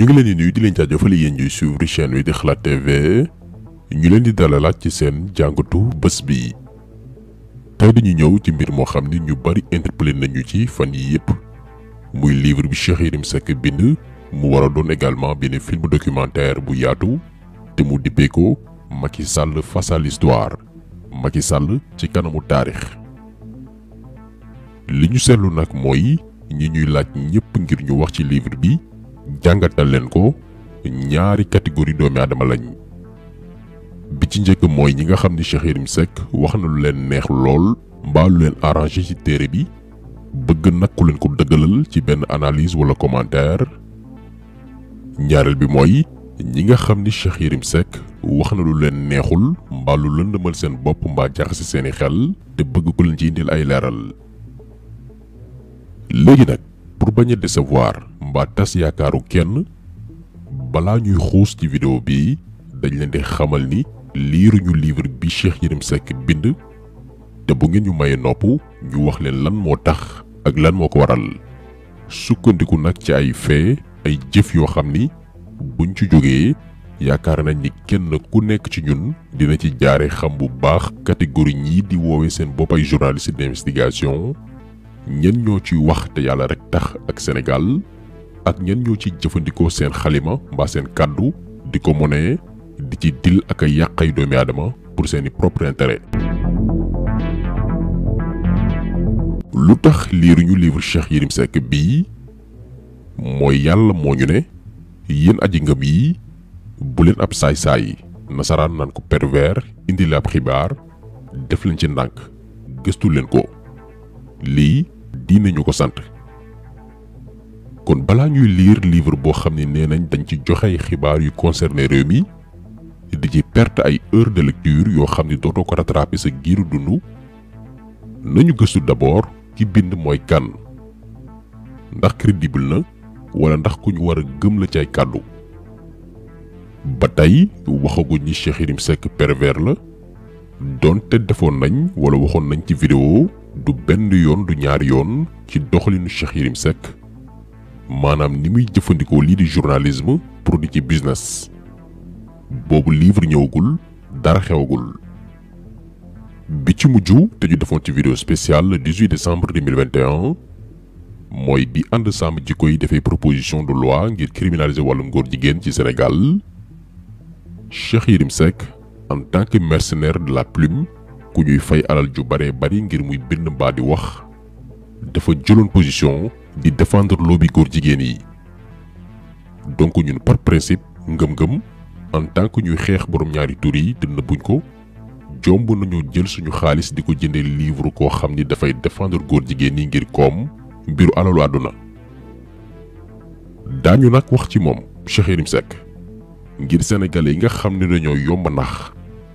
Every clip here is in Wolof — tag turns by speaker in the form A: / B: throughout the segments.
A: ñu ngi leen di nuyu di leen jaajëfal yéen ñuy suivre chaîne bi di Xalaat TV ñu leen di dalalaaj ci seen jàngatu bés bi tey dañu ñëw ci mbir moo xam ni ñu bari interpellé nañu ci fan yi yëpp muy livre bi Cheikh Yérim Seck bind mu war a doon également benn film documentaire bu yaatu te mu dippee ko Macky Sall face à l'histoire Macky ci kanamu taarix li ñu seetlu nag mooy ñi ñuy laaj ñëpp ngir ñu wax ci livre bi jàngatal leen ko ñaari catégorie doomi aadama lañ bi ci njëkk mooy ñi nga xam ni Cheikh Yérim wax na lu leen neex lool mbaa lu leen arrangé ci téere bi bëgg nag ku leen ko dëggalal ci benn analyse walla commentaire ñaareel bi mooy ñi nga xam ni Cheikh Yérim Seck wax na lu leen neexul mbaa lu lëndëmal seen bopp mbaa jaxase seeni xel te bëgg ku leen ci indil ay leeral léegi nag pour bañ a décevoir mbaa tas yaakaaru kenn balaa ñuy xuus ci video bi dañ leen di xamal ni liiruñu livre bi Cheikh Yérim Seck bind te bu ngeen ñu mayee nopp ñu wax leen lan moo tax ak lan moo ko waral sukkandiku nag ci ay fee ay jëf yoo xam ni buñ ci jógee yaakaar nañ ni kenn ku nekk ci ñun dina ci jaare xam bu baax catégorie ñii di woowee seen bopp ay journaliste d'investigation ñan ñoo ci wax te yàlla rek tax ak Sénégal ak ñan ñoo ci jëfandikoo seen xalima mbaa seen kàddu di ko monee di ci dil ak ay yàqay doomi aadama pour seeni propre intérêt lu tax liiruñu livre Cheikh Yérim Seck bii mooy yàlla moo ñu ne yéen aji ngëm yi bu leen ab saay-saay nasaraan naan ko perweer indi ab xibaar def leen ci ndànk gëstu leen ko lii dinañu ko sant kon balaa ñuy liir livre boo xam ne nee nañ dañ ci joxe ay xibaar yu concerné réew mi di ci perte ay heures de lecture yoo xam ne dootoo ko rattrapé sa giiru dund nañu gëstu d'abord ki bind mooy kan ndax crédible na wala ndax ku ñu war a gëm la ci kàddu ba tey waxaguñ ni Cheikh Yérim Seck pervers la donte defoon nañ wala waxoon nañ ci vidéo du benn yoon du ñaari yoon ci doxalinu Cheikh Yérim Seck maanaam ni muy jëfandikoo lii di journalisme pour di ci business boobu livre ñëwagul dara xewagul bi ci mujj te ñu defoon ci vidéo spéciale 18 décembre 2021 mooy bi ànd sàmm jikko yi dafay proposition de loi ngir criminaliser wàllum ngóor jigéen ci senegal Cheikh Yérim Seck en tant que de la plume ku ñuy fay alal ju bare bari ngir muy bind mbaa di wax dafa jëloon position di défendre lobby góor jigéen yi donc ñun par principe ngëm-ngëm en tant que ñuy xeex borom ñaari tur yi te nëbbuñ ko jomb nañu jël suñu xaalis di ko jëndee livre koo xam ni dafay défendre góor jigéen yi ngir koom mbiru alalu àdduna daañu nag wax ci moom Cheikh Yérim Seck ngir sénégalais yi nga xam ne dañoo yomb nax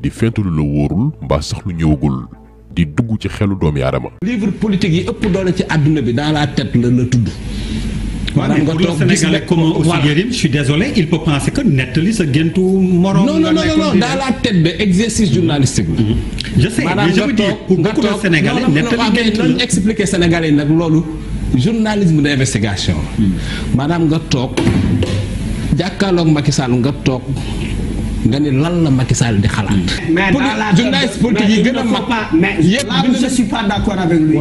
A: di fent lu la wóorul mbaa sax lu ñëwagul di dugg ci xelu doomi aadama.
B: livre politique yi ëpp doole ci àdduna bi dans la tête la la tudd. maanaam nga toog nga comment aussi Yérim je sa géntu morom. non non non non dans la tête de exercice journalistique
A: bi. Mm-hmm. je sais mais je veux
B: mm. maanaam nga toog jàkkaarloog Macky Sall nga toog. nga ne lan la Macky Sall di xalaat. Mm. mais journaliste politique yi gën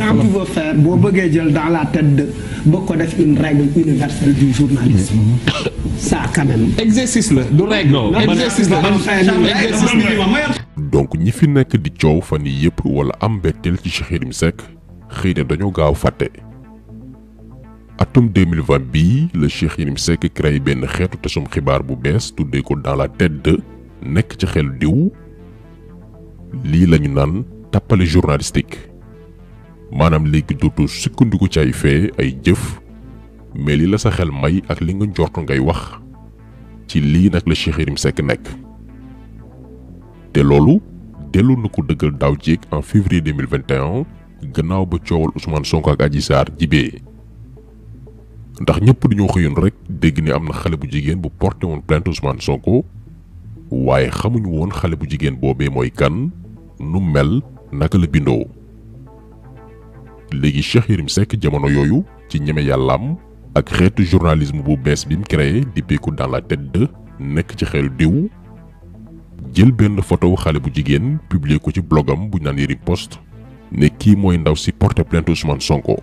B: a boo bëggee jël dans la tête de ba ko def une règle universelle du journalisme. Mm-hmm. ça exercice la du règle. exercice la
A: donc ñi fi nekk di coow fan yii yëpp wala am mbetteel ci Cheikh Yérim Seck xëy na dañoo gaaw fàtte. atum 2020 bii la Cheikh Yérim Seck créé benn xeetu tasum xibaar bu bees tuddee ko dans la tête nekk ci xel diw lii lañu naan tàppale journalistique maanaam léegi dootu sukkandiku ci ay fee ay jëf mais li la sa xel may ak li nga njort ngay wax ci lii nag la Cheikh Yérim Seck nekk te loolu dellu na ko dëggal daaw jéeg en février 2021 gannaaw ba coowal Ousmane Sonko ak Adji Sarr jibee ndax ñëpp dañoo xëyoon rek dégg ni am na xale bu jigéen bu porte woon plainte Ousmane Sonko waaye xamuñu woon xale bu jigéen boobee mooy kan nu mel naka la bindoo léegi Cheikh Yérim Seck jamono yooyu ci ñeme yàllaam ak xeetu journalisme bu bees bi mu créé di béeku dans la tête nekk ci xel diw jël benn photo xale bu jigéen publier ko ci blogam bu ñu naan Post ne kii mooy ndaw si porté plainte Ousmane Sonko.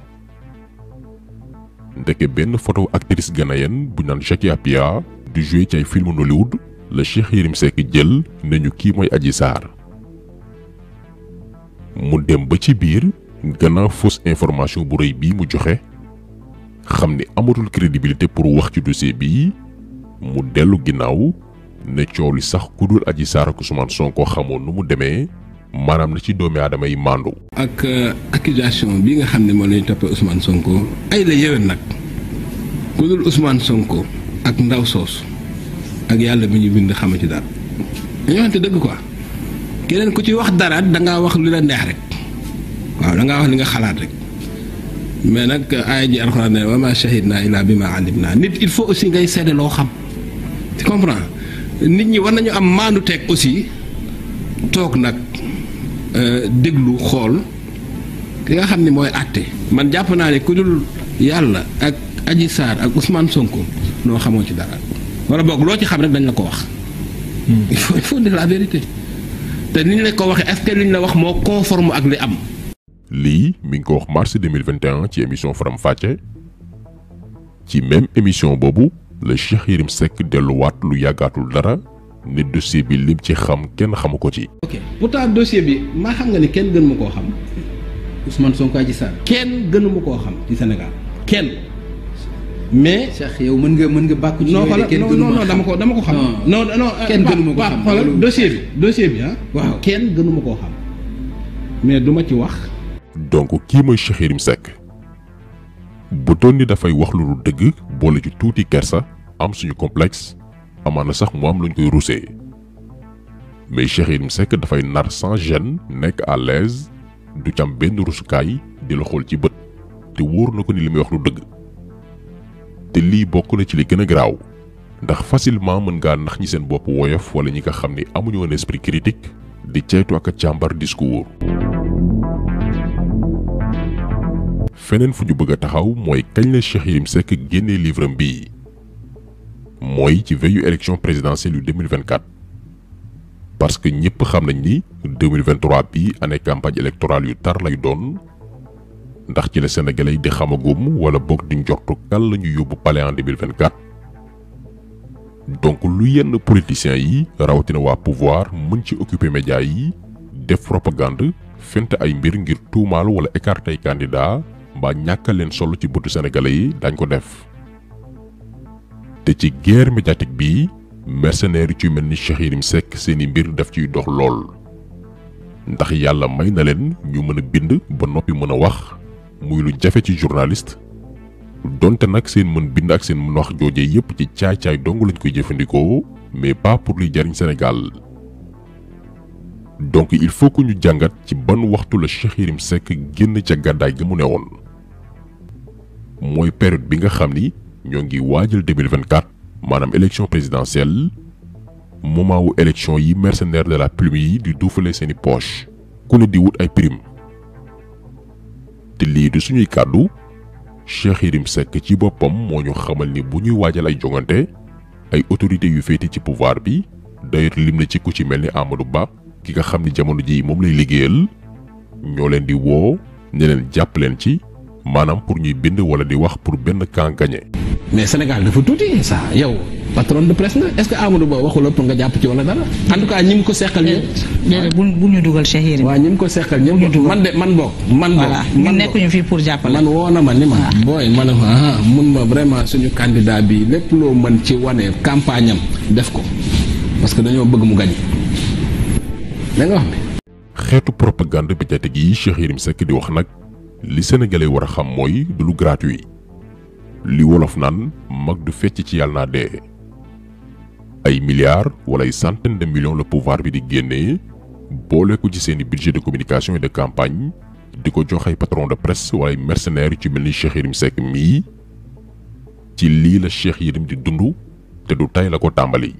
A: ndeke benn photo actrice ghanéenne bu naan Jackie Appiah di joué ci ay filmu Nollywood la Cheikh Yérim Seck jël ne ñu kii mooy aji saar mu dem ba ci biir gannaaw fausse information bu rëy bii mu joxe xam ni amatul crédibilité pour wax ci dossier bii mu dellu ginnaaw ne coow li sax ku dul saar Sarr ak Ousmane ko xamoon nu mu demee maanaam na ci doomi aadama yi maandu. ak euh, accusation bi nga xam ne moo lay toppee Ousmane
B: Sonko ay la yéwén nag ku dul Ousmane Sonko ak ndaw soosu ak yàlla bi ñu bind xamu ci dara dañoo keneen ku ci wax dara dangaa wax lu la neex rek waaw dangaa wax li nga xalaat rek mais nag aaya ji alxuraan ne wa ma shahidna illa bi ma naa nit il faut aussi ngay seede loo xam tu comprends nit ñi war nañu am maandu teeg aussi toog nag Euh, déglu xool ki nga xam ne mooy àtte man jàpp naa ne ku dul yàlla ak aji Sarr ak Ousmane Sonko noo xamoo ci dara wala
A: boog loo ci xam rek dañ la ko wax.
B: Hmm. il faut il faut dire la ko waxee est-ce que li la wax moo conforme ak li am.
A: lii mi ngi ko wax mars 2021 ci émission Faram fàcce ci même émission boobu la Cheikh Yérim Seck delluwaat lu yàggaatul dara. ni dossier bi lim ci xam kenn xamu ko ci. ok
B: pourtant bi maa xam nga ni kenn gënu ma koo xam Ousmane Sonko Adji Sarr kenn gënu ma koo xam ci Sénégal kenn. mais Cheikh yow mën nga mën nga bàkku ci non non dama ko dama
A: ko xam. non non kenn gënu ma koo xam xoolal dossier bi
B: dossier bi ah. waaw kenn gënu ma koo xam mais duma ci wax.
A: donc kii mooy Cheikh Yérim bu doon ni dafay wax lu dul dëgg boole ci tuuti kersa am suñu complexe. amaana sax mu am luñ koy rusee mais Cheikh Yérim Seck dafay nar sans gêne nekk à l'aise du cam benn rusukaay di la xool ci bët te wóor na ko ni li muy wax lu dëgg te lii bokk na ci li gën garaaw ndax facilement mën ngaa nax ñi seen bopp woyof wala ñi nga xam ni amuñu woon esprit di ceytu ak a càmbar discours. feneen fu ñu bëgg a taxaw mooy kañ la Cheikh Yérim Seck génnee livre am bii. mooy ci veillu élection présidentielle yu 2024 parce que ñëpp xam nañ ni 2023 bi année campagne électorale yu tar lay doon ndax ci la sénégalais yi di xamagum wala boog di njortu kan la ñu yóbbu palais en 2024 donc lu yenn politiciens yi rawatina waa pouvoir mën ci occuper médias yi def propagande fent ay mbir ngir tuumaal wala écarter ay candidat mbaa ñàkk leen solo ci bëtu sénégalais yi dañ ko def. te ci guerre médiatique bii mercenaires yu ci mel ni Cheikh Yérim Seck seeni mbir daf ciy dox lool ndax yàlla may na leen ñu mën a bind ba noppi mën a wax muy lu jafe ci journaliste donte nag seen mën bind ak seen mën wax jooje yépp ci caay-caay dong lañ koy jëfandikoo mais pas pour luy jariñ Sénégal donc il faut que ñu jàngat ci ban waxtu la Cheikh Yérim génn ca gàddaay gi mu ne woon mooy période bi nga xam ni. ñoo ngi waajal 2024 maanaam élection présidentielle moment wu élection yi mercenaires de la plume yi di duufale seeni poche ku ne di wut ay prime te lii du suñuy kàddu Cheikh Yérim Seck ci boppam moo ñu xamal ni bu ñuy waajal ay jongante ay autorités yu féete ci pouvoir bi d'ailleurs lim na ci ku ci mel ni Amadou Ba ki nga xam ni jamono ji moom lay liggéeyal ñoo leen di woo ne leen jàpp leen ci maanaam pour ñuy bind wala di wax pour benn camp gagné mais Sénégal dafa tuuti yow patron de
B: presse na est-ce que Amadou Ba waxul pour nga jàpp ci wala dara en tout cas ñi ko seqal ñëpp. bu dugal Cheikh Yérim. waaw ñi mu ko seqal man de man bokk. man bokk voilà nekkuñu fii pour jàppale. man woo na ma ni ma. booy ma ne ah, mun ma vraiment suñu candidat bi lépp loo mën ci wane campagne def ko parce que dañoo bëgg mu gañe
A: da nga wax bi xeetu propagande médiatique yi Cheikh Yérim Seck di wax nag li sénégalais war a xam mooy du lu gratuit. li wolof naan mag du fecc ci yàlla naa dee ay milliards wala ay centaines de millions la pouvoir bi di génnee boole ko ci seeni budget de communication et de campagne di ko jox ay patron de presse wala ay mercenaires yu ci mel ni Cheikh Yérim Seck mii ci lii la Cheikh Yérim di dundu te du tay la ko tàmbali.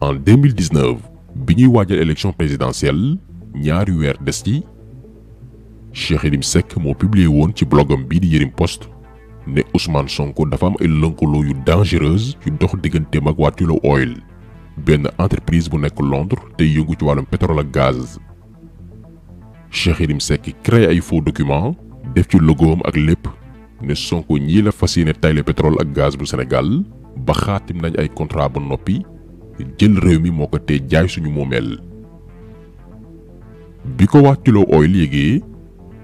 A: en 2019 bi ñuy waajal élection présidentielle ñaari weer des ci Cheikh Yérim Seck moo publié woon ci blogam bii di Yérim Post ne Ousmane Sonko dafa am ay lënkaloo yu dangereuse yu dox digganteem ak waa Tullow Oil benn entreprise bu nekk Londres te yëngu ci wàllum pétrole ak gaz. Cheikh Yérim Seck ay faux documents def ci logoom ak lépp ne Sonko ñii la fas yéene tayle pétrole ak gaz bu senegal ba xaatim nañ ay contrat ba noppi jël réew mi moo ko tee jaay suñu moomeel. bi ko wax Tullow Oil yëgee.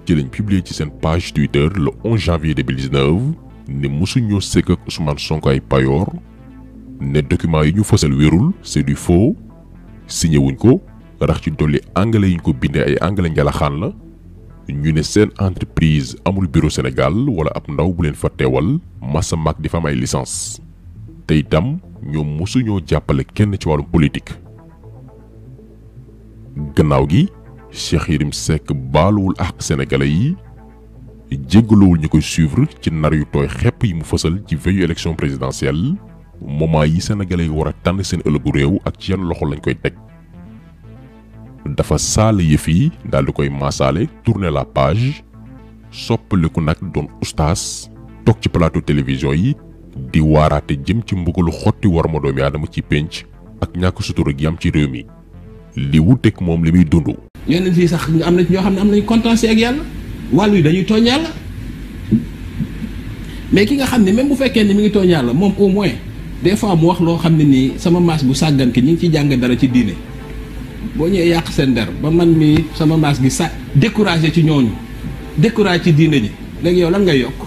A: ci lañ publier ci seen page Twitter le 11 janvier 2019 ne mosuñoo sekk ak Ousmane Sonko ay payoor ne document yi ñu fësal wérul c'est du faux signé ko rax ci dolli anglais yi ñu ko bindee ay anglais njalaxaan la ñu ne seen entreprise amul bureau Sénégal wala ab ndaw bu leen fa teewal massa mag di fa am ay licence te itam ñoom mosuñoo jàppale kenn ci wàllum politique gannaaw gi. Cheikh Yérim Seck baaluwul àq sénégalais yi jéggaluwul ñu koy suivre ci nar yu tooy xepp yi mu fësal ci veillu élection présidentielle moment yi sénégalais yi war a tànn seen ëllëgu réew ak ci yan loxo lañ koy teg dafa saale yëf yi daal di koy maasaale tourner la page soppaliku nag doon ustaas toog ci plateau télévision yi di waaraate jëm ci mbugalu xotti war ma doomi aadama ci pénc ak ñàkk sutura gi am ci réew mi li wuteeg moom li muy dund.
B: ñenn fii sax am na ñoo xam ne am nañu contentieux ak yàlla wàllu yi dañuy tooñ yàlla mais ki nga xam ne même bu fekkee ne mi ngi tooñ yàlla moom au moins des fois mu wax loo xam ne nii sama maas bu sàggan ki ñu ngi ciy jàng dara ci diine boo ñëwee yàq seen der ba man mi sama maas gi sa découragé ci ñooñu découragé ci diine ji léegi yow lan ngay yokk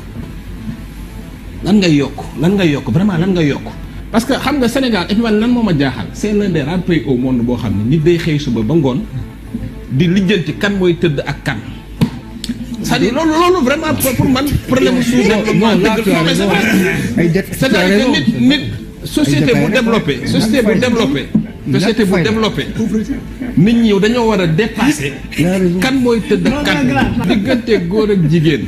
B: lan ngay yokk lan ngay yokk vraiment lan ngay yokk. parce que xam nga Sénégal et puis man lan moo ma jaaxal c'est l'un des rares pays au monde boo xam ne nit day xëy suba ba ngoon di lijjanti kan mooy tëdd ak kan. sa à loolu loolu vraiment pour man problème su. non non c'est-à-dire nit nit société bu développé société bu développé. société bu développé nit ñi dañoo war a dépasser kan mooy tëdd ak kan diggante góor ak jigéen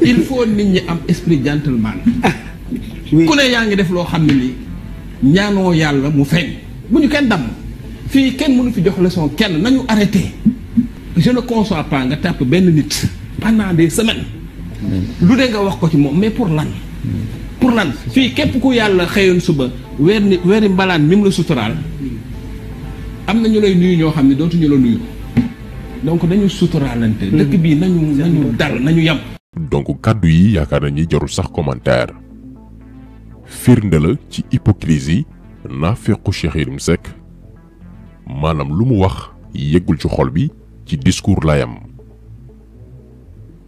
B: il faut nit ñi am esprit gentleman ku ne yaa ngi def loo xam ne nii ñaanoo yàlla mu feeñ bu ñu kenn damm fii kenn mënu fi jox leçon kenn nañu arrêté je ne conçois nga tàpp benn nit pendant des semaines lu de nga wax ko ci moom mais pour lan pour lan fii képp ku yàlla xëyoon suba weer ni weeri mbalaan mi mu la suturaal am na ñu lay nuyu ñoo xam ne dootuñu la nuyu donc dañu suturaalante dëkk bii nañu nañu
A: dal nañu yem donc kàddu yi yaakaar nañu jarul sax commentaire firnde la ci hypocrisie naafequ Cheikh Yérim Seck maanaam lu mu wax yeggul ci xol bi ci discours layam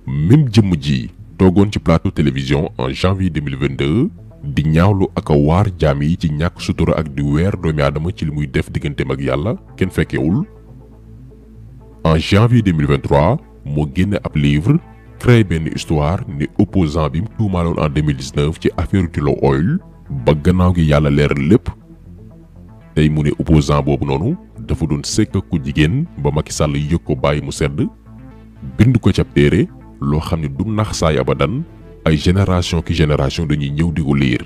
A: même jëmm ji toogoon ci plateau télévision en janvier 2022 di ñaawlu aka waar jaam yi ci ñàkk sutura ak di weer doomi aadama ci li muy def digganteem ak yàlla kenn fekkewul en janvier 2023 moo génne ab livre créé benn histoire ni opposant bi mu tuumaaloon en 2019 ci affaire Tullow Oil ba gannaaw gi yàlla leeral lépp tey mu ne opposant boobu noonu dafa doon sekk ku jigéen ba Macky sàll yëg ko bàyyi mu sedd bind ko cab téere loo xam ne du nax saay abadan ay génération ki génération dañuy ñëw di ko liir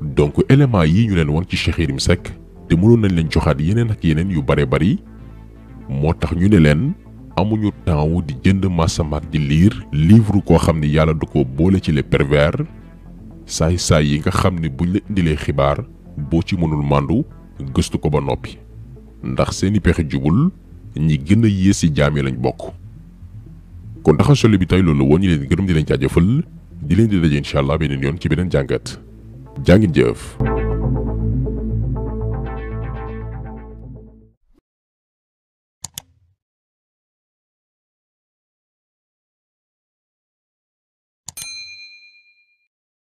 A: donc éléments yi ñu leen won ci Cheikh Yérim Seck te mënoon nañ leen joxaat yeneen ak yeneen yu bare bari moo tax ñu ne leen amuñu temps wu di jënd massamaak di liir livre koo xam ni yàlla du ko boole ci les pervers saay-saay yi nga xam ni bu la indilee xibaar boo ci mënul màndu gëstu ko ba noppi ndax seeni pexe jubul ñi gën a yées ci jaam yi lañ bokk kon Daxansole bi tey loolu woon ñu leen gërëm di leen jaajëfal di leen di daje incha allah beneen yoon ci beneen jàngat jàngin jëf